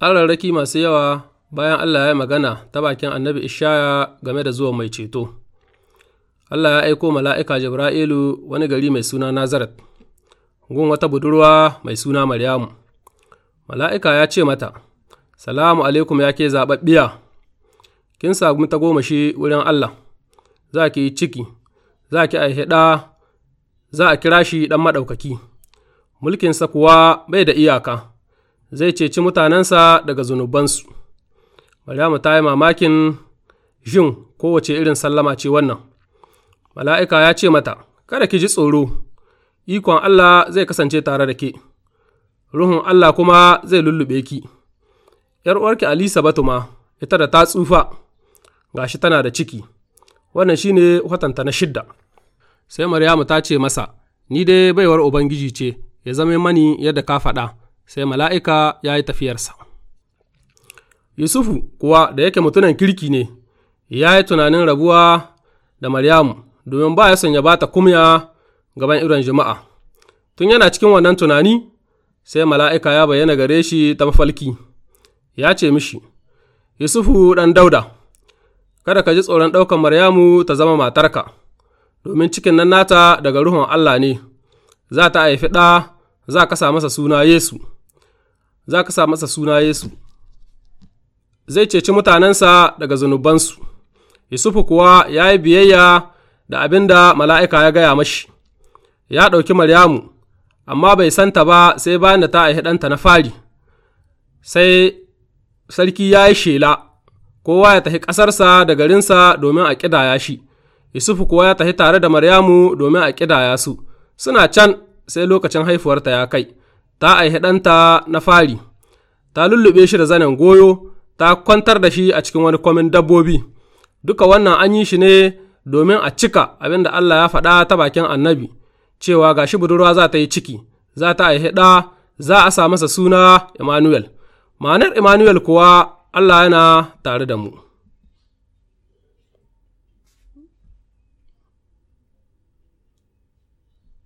Tsararraki masu yawa bayan Allah ya magana ta bakin annabi Ishaya game da zuwan mai ceto. Allah ya aiko mala'ika Jibra'ilu wani gari mai suna Nazaret, gun wata budurwa mai suna Maryamu. Mala'ika ya ce mata, Salamu alaikum ya ke zaɓaɓɓiya, kin samu ta goma shi wurin Allah, za ki yi ciki, za ki a ɗa, za a kira shi ɗan maɗaukaki, mulkinsa kuwa bai da iyaka. zai ceci mutanensa daga zunubansu. Maryamu ta yi mamakin jin kowace irin sallama ce wannan. Mala'ika ya ce mata, Kada ki ji tsoro, ikon Allah zai kasance tare da ke, Ruhun Allah kuma zai lullube ki. ’Yar uwarki Alisa Batuma, ita da ta tsufa, Ga shi tana da ciki, wannan shi ne watanta na shidda. Sai Maryamu ta ce masa, Ni dai baiwar Ubangiji ce, ya zama mani yadda ka faɗa. sai mala'ika ya yi tafiyarsa. Yusufu kuwa da yake mutunan kirki ne, ya yi tunanin rabuwa da Maryamu domin ba ya son ya bata kumya gaban irin jama'a. Tun yana cikin wannan tunani, sai mala'ika ya bayyana gare shi ta mafalki, ya ce mishi, Yusufu ɗan dauda, kada ka ji tsoron ɗaukan Maryamu ta zama matarka, domin cikin nan nata daga Ruhun Allah ne, za ta haifi ɗa, za ka sa masa suna Yesu. za ka sa masa suna Yesu, zai ceci mutanensa daga zunubansu, Yusufu kuwa ya yi biyayya da abin da mala'ika ya gaya mashi, ya ɗauki Maryamu, amma bai santa ba sai bayan da ta a ɗanta na fari, sai sarki ya yi shela, kowa ya tafi ƙasarsa da garinsa domin a ƙidaya shi, Yusufu kuwa ya tafi tare da Maryamu domin a ƙidaya su, suna can sai lokacin haifuwarta ya kai. ta aihe ɗanta na fari, ta lullube shi da zanen goyo, ta kwantar da shi a cikin wani kwamin dabbobi. Duka wannan an yi shi ne domin a cika abin da Allah ya faɗa ta bakin annabi, cewa gashi budurwa za ta yi ciki, za ta aihe ɗa, za a sa masa suna Emmanuel. Ma'anar Emmanuel kuwa Allah yana tare da mu.